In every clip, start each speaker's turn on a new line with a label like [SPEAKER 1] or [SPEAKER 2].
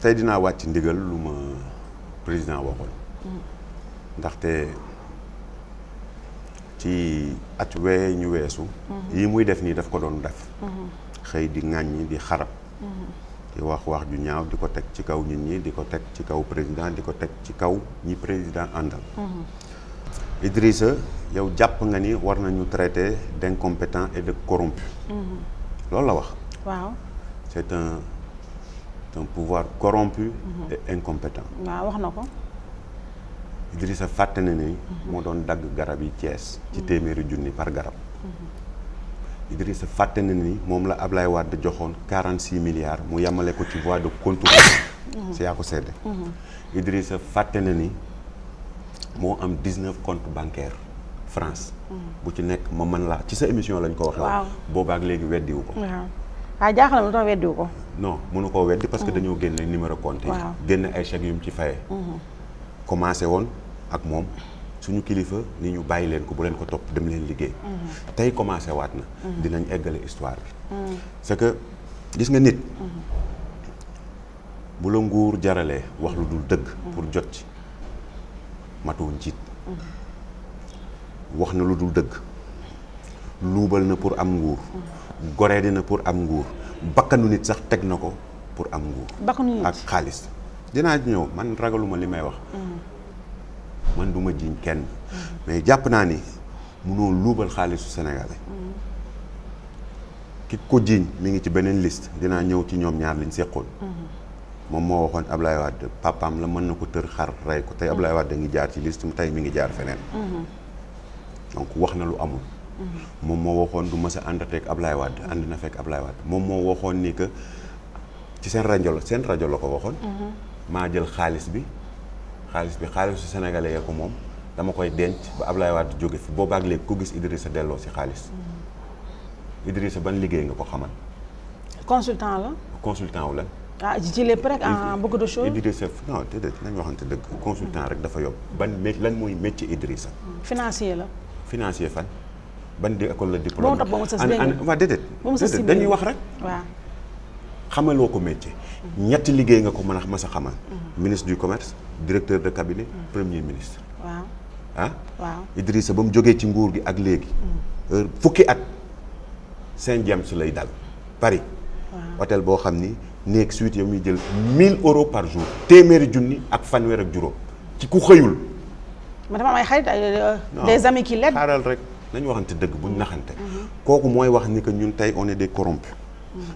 [SPEAKER 1] tey dinaa wàcc ndigal lu ma président waxoon mm. ndaxte ci at we ñu weesu mm-hmm. yi muy def nii daf ko doon def mm-hmm. xëy di ŋàññi di xarab mm-hmm. di wax wax ju ñaaw di ko teg ci kaw nit ñi di ko teg ci kaw président di ko teg ci kaw ñi président àndal Idrissa yow jàpp nga ni war nañu traité d'incompétent et de corrompu loolu la wax waaw c'est un c'est un pouvoir corrompu et mhm. incompétent waaw wax na ko Idrissa fàtte na ni mhm. moo doon dagg garab yi Thiès ci mhm. téeméeri junni par garab Idrissa sa na ni moom la ab Ablaye Wade joxoon quarante six milliards mu yemale ko ci voie de contournement si yaa ko sedde Idrissa fàtte na ni moo am dix neuf comptes bancaires France bu ci nekk ma mën laa ci sa émission lañ ko waxee boobaak léegi weddiwu ko
[SPEAKER 2] waaw jaaxal na lu tax weddiwu ko.
[SPEAKER 1] non mënu koo weddi parce que mm-hmm. dañoo génne numéro compte génn ay chèques yu mu ci fayee. Mm-hmm. commencé woon ak moom suñu kilifa ni ñu bàyyi leen ko bu leen ko topp dem leen liggéey.
[SPEAKER 3] Mm-hmm.
[SPEAKER 1] tey commencé waat na. dinañ eggale histoire bi. c'est que gis nga nit. bu la nguur jaralee wax lu dul dëgg. pour jot ci matoo njiit. wax na lu dul dëgg. luubal na pour am nguur goreedi na pour am nguur bakkanu nit sax teg na ko pour am nguur ak xaalis dinaa ñëw man ragaluma li may wax mm. man du ma jiñ kenn mais jàpp naa ni munoo luubal xaalisu sénégalais ki ko jiiñ mu ngi ci beneen liste dina ñëw ci ñoom ñaar liñ seqoon mm-hmm. moom moo waxoon Ablaye Wade papaam la mën na ko tër xar rey ko tey Ablaye mm-hmm. Wade ngi jaar ci liste mu tey mi ngi jaar feneen mm-hmm. donc wax na lu amul moom moo waxoon du mës a àndatee ak waat Wade fekk Ablaye moom moo waxoon ni que ci seen rajo seen rajo la ko waxoon. Mhm. maa jël xaalis bi xaalis bi xaalisu sénégalais ya ko moom dama koy denc ba Ablaye Wade jóge fi boobaak léegi ko gis Idrissa delloo si xaalis. Mhm. Idrissa ban liggéey nga ko xamal.
[SPEAKER 2] consultant la.
[SPEAKER 1] consultant wu la.
[SPEAKER 2] ah ci lépp rek en ah, beaucoup de choses.
[SPEAKER 1] Idrissa non déedéet nañu waxante dëgg. consultant rek dafa yomb ban lan mooy métier Idrissa.
[SPEAKER 2] financier la.
[SPEAKER 1] financier fan. ban di école la diplôme moo tax ba mu sës léegi waaw déedéet.
[SPEAKER 2] ba
[SPEAKER 1] mu ko métier. ñetti liggéey nga ko mën a mas a xamal. Mhm. ministre du directeur de cabinet mhm. premier ministre. waaw ah. waaw Idrissa ba jógee ci nguur gi ak léegi.
[SPEAKER 3] Mhm.
[SPEAKER 1] Euh, fukki at Saint-James lay dal Paris. waaw hôtel boo xam ni nekk suite yow muy jël 1000 euros par jour téeméeri junni ak fanweer ak juróom ci ku xëyul.
[SPEAKER 2] ma dama am ay xarit euh, des amis qui l'aident
[SPEAKER 1] xaaral rek. nañu waxante dëgg buñ naxante kooku mooy wax ni que ñun tey one est des corrompus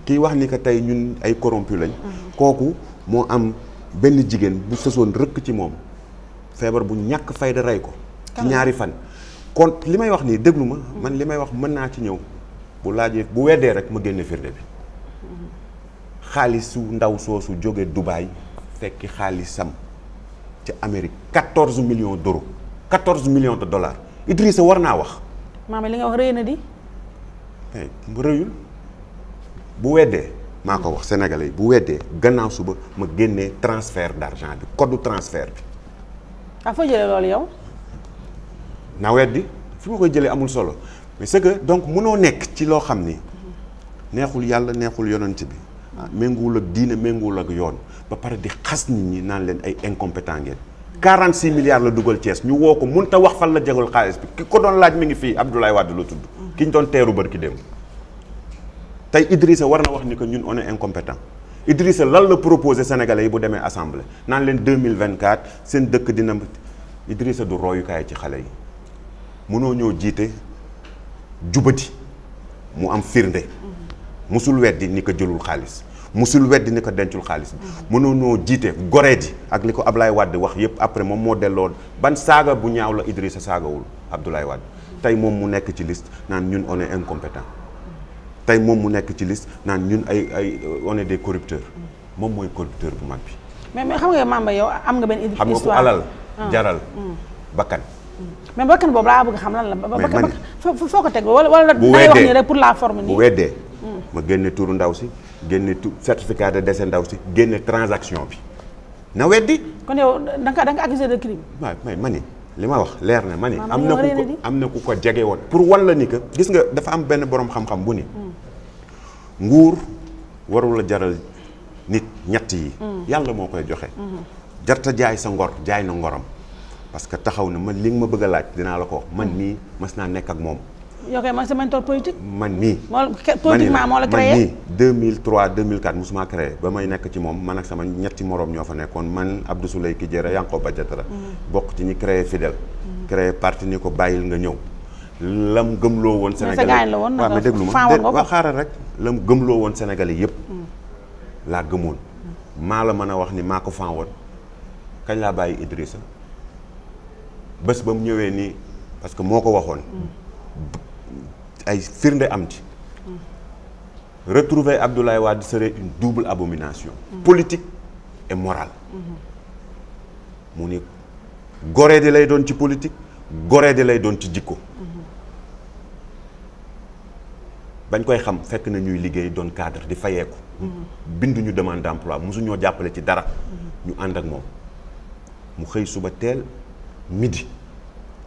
[SPEAKER 1] kii wax ni que tey ñun ay corrompus lañ kooku moo am benn jigéen bu sësoon rëkk ci moom feebar bu ñàkk fayda rey ko ci ñaari fan kon li may wax nii déglu ma man li may wax mën naa ci ñëw bu laajee bu weddee rek ma génne firnde bi xaalisu ndaw soosu jóge Dubaï fekki xaalisam ci Amérique 14 millions d'euros 14 million de dollars Idrissa war naa wax
[SPEAKER 2] maama li nga wax rëy na di.
[SPEAKER 1] Eh, bu rëyul bu weddee. maa ko wax sénégalais yi bu weddee gannaaw suba ma génnee transfert d' argent bi code transfert bi.
[SPEAKER 2] ah foo jëlee loolu yow.
[SPEAKER 1] na weddi fi ma koy jëlee amul solo mais c'est que donc mënoo nekk ci loo xam ni neexul yàlla neexul yonent bi. ah ménguwul ak diine ménguwul ak yoon ba pare di xas nit ñi naan leen ay incompétent ngeen. 46 milliards la dugal Thiès ñu woo ko mun a wax fan la jegul xaalis bi ki ko doon laaj mi ngi fii Abdoulaye Wade la tudd. Mhm. ki ñu doon teeru bër ki démb. tey Idrissa war na wax ni que ñun on est incompétent Idrissa lan la proposé Sénégalais yi bu demee assemblée naan leen 2024 seen dëkk dina Idrissa du royukaay ci xale yi mënoo ñëw jiite jubati mu am firnde.
[SPEAKER 3] Mhm.
[SPEAKER 1] musul weddi ni ko jëlul xaalis. mosul weddi ni ko dencul xaalis bi mënoonoo jiite goree ji ak li ko ab Ablaye Wade wax yépp après moom moo delloo ban saaga bu ñaaw la Idrissa saagawul Abdoulaye Wade tey moom mu nekk ci liste naan ñun one est incompétent tey moom mu nekk ci liste naan ñun ay ay on est des corrupteurs moom mooy corrupteur bu mag bi
[SPEAKER 2] mais mais xam nga Mamba yow am nga benn histoire xam nga ku alal ah. jaral mm. bakkan mais bakkan boobu laa bëgg xam lan la. bakkan foo ko teg wala wala day wax ni rek pour la forme nii bu
[SPEAKER 1] mm. ma génne tuuru ndaw si. génne tout certificat de décès ndaw si génne transaction bi na weddi.
[SPEAKER 2] kon yow da nga
[SPEAKER 1] may ma ni li ma wax leer na ma ni. am na ku ko am na ku ko jege woon. pour wan ni que gis nga dafa am benn borom xam-xam bu ni. Hmm. nguur warul la jaral nit ñett yi. Hmm. yàlla moo koy joxe. Hmm. jarta jaay sa ngor jaay na ngorom parce que taxaw na man li ma bëgg a laaj dinaa la ko man nii mas naa nekk ak moom.
[SPEAKER 2] yoo koy mooy sa mentor politique. man mii moo politiquement moo la créé
[SPEAKER 1] man mii 2003 2004 musuma créé ba may nekk ci moom man ak sama ñetti moroom ñoo fa nekkoon man Abdou Souley ki jëra Yankhoba Diattara mm-hmm. bokk ci ñi créé Fidèle. Mm-hmm. créé parti ni ko bàyyil nga ñëw. lam gëmloo woon. Sénégalais waaw mais déglu ma waaw xaaral rek. lam gëmloo woon Sénégalais yëpp. Mm. laa gëmoon.
[SPEAKER 2] Mm.
[SPEAKER 1] maa la mën a wax ni maa ko fan woon kañ laa bàyyi Idrissa bés ba mu ñëwee nii parce que moo ko waxoon.
[SPEAKER 3] Mm.
[SPEAKER 1] ay firnde am ci retrouver Abdoulaye Wade serait une double abomination politique et morale mu ni goree di lay doon ci politique goree di lay doon ci jikko bañ koy xam fekk na ñuy liggéey doon cadre di fayeeku ñu demande d'emploi mosuñoo jàppale ci dara ñu ànd ak moom mu xëy suba teel midi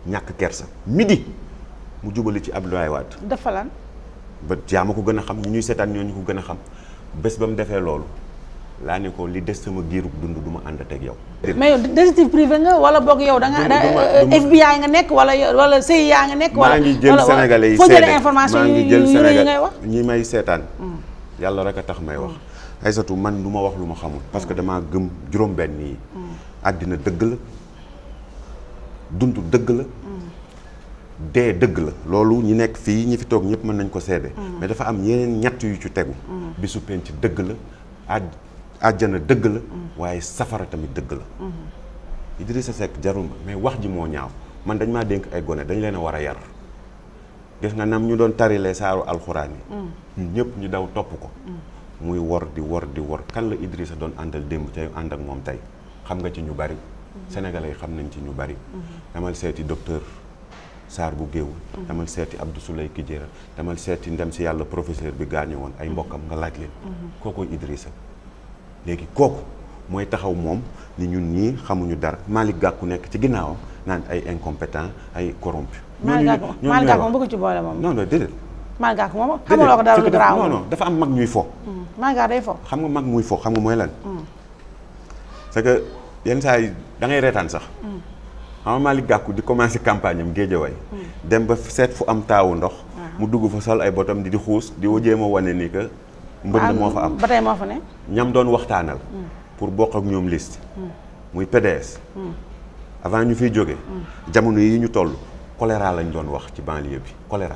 [SPEAKER 1] ñàkk kersa midi mu jubali ci ab Wade. dafa lan. ba yaa ma ko gën a xam ñu ñuy seetaan ñoo ñu ko gën a xam bés ba mu defee loolu laa ne ko li des sama giirub dund du ma ànd ak yow. yow
[SPEAKER 2] wala ngi jël sénégalais yi seede maa ngi jël sénégalais
[SPEAKER 1] ñi may seetaan. Mm. yàlla rek a tax may wax. Mm. Aïssatou man lu ma wax lu ma xamul parce que mm. damaa gëm juróom-benn yi. àddina dëgg la dund dëgg la. dee dëgg la loolu ñi nekk fii ñi fi toog ñëpp mën nañ ko seede mm. mais dafa am yeneen ñett yu ci tegu mm. bisu penc dëgg la aj àjjana dëgg la mm. waaye safara tamit dëgg la Idrissa Seck jarul mais wax ji moo ñaaw man dañ maa dénk ay gone dañ leen a war a yar gis nga nam ñu doon tarilee saaru alxuraan yi ñëpp ñu daw topp ko muy wor di wor di wor kan la Idrissa doon àndal démb tey ànd ak moom tey xam nga ci ñu bari mm-hmm. sénégalais xam nañ ci ñu bari. Mm-hmm. damal seeti docteur saar bu géewul mhm. demal seeti Abdou Souley Kijera demal seeti ndem si yàlla professeur bi gaañu woon ay mhm. mbokkam nga laaj leen mhm. kooku Idrissa léegi kooku mooy taxaw moom ni ñun ñii xamuñu dara Malick Gakou nekk ci ginnaawam naan ay incompétent ay corrompu Malick Gakou Malick Gakou moom
[SPEAKER 2] bëgg ci boole moom non non déedéet Malick Gakou moom xamuloo ko dara lu garaaw non non
[SPEAKER 1] dafa am mag ñuy fo
[SPEAKER 2] mm. Malick Gakou day fo xam nga mooy lan mm.
[SPEAKER 1] c'est que yenn saa yi da ngay reetaan sax mm. xam nga Malick Gakou di commencé campagne am Guédiawaye hmm. dem ba seet fu am taawu ndox ah. mu dugg fa sol ay botam di di xuus di jéem a wane ni que mbënd ah, moo fa am ba tey fa ne ñam doon waxtaanal hmm. pour bokk ak ñoom liste hmm. muy PDS avant ñu fiy jóge jamono yi ñu toll choléra lañ doon wax ci banlieue bi choléra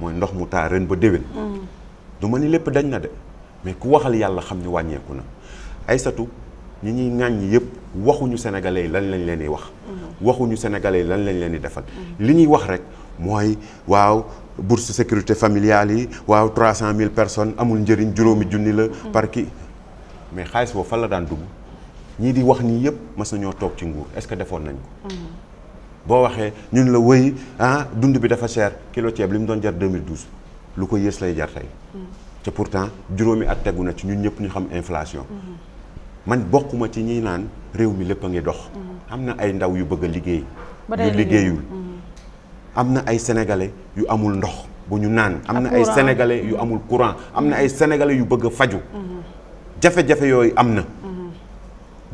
[SPEAKER 1] mooy ndox mu taa ren ba déwén du ma ni lépp dañ na de mais ku waxal yàlla xam ni wàññeeku na ay satu ñi ñuy ŋàññi yëpp waxuñu sénégalais yi lan lañ leen di wax. Mhm. waxuñu sénégalais yi lan lañ leen di defal. Mhm. li ñuy wax rek mooy waaw bourse sécurité familiale yi waaw cent 300000 personnes amul njëriñ juróomi junni la. Mhm. par kii mais xaalis boobu fa la daan dugg ñii di wax nii yëpp mas nañoo toog ci nguur est-ce que defoon nañ ko. boo waxee ñu ñun la wëy ah dund bi dafa cher kilo ceeb li mu doon jar 2012 lu ko yées lay jar tey. te pourtant juróomi at tegu na ci ñun ñëpp ñu xam inflation. man bokkuma ci ñiy naan réew mi lépp a ngi dox. Mm-hmm. am na ay ndaw yu bëgg a liggéey. yu liggéeyul.
[SPEAKER 3] Mm-hmm.
[SPEAKER 1] am na ay sénégalais yu amul ndox bu ñu naan. am na ay sénégalais yu amul courant am na ay mm-hmm. sénégalais yu bëgg a faju jafe-jafe yooyu am na.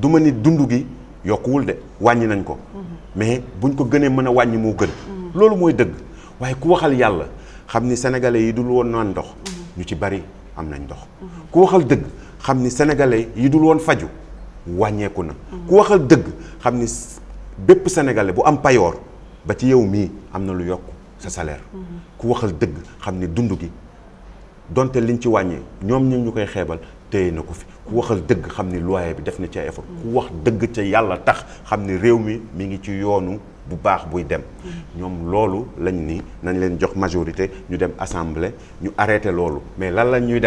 [SPEAKER 1] du ma ni dund gi yokkuwul de wàññi nañ ko. mais buñ ko gënee mën a wàññi moo gën. loolu mooy dëgg waaye ku waxal yàlla xam ni sénégalais yi dul woon naan ndox. ñu ci bari am nañ ndox. ku waxal dëgg. xam ni sénégalais yi dul woon faju wàññeeku na ku waxal dëgg xam ni bépp sénégalais bu am payoor ba ci yow mii am na lu yokk sa salaire ku waxal dëgg xam ni dund gi donte liñ ci wàññee ñoom ñu ñu koy xeebal téye na ko fi ku waxal dëgg xam ni loyer bi def na ci ay effort ku wax dëgg ca yàlla tax xam ni réew mi mi ngi ci yoonu bu baax buy dem ñoom loolu lañ ni nañ leen jox majorité ñu dem assemblée ñu arrêté loolu mais lan la ñuy def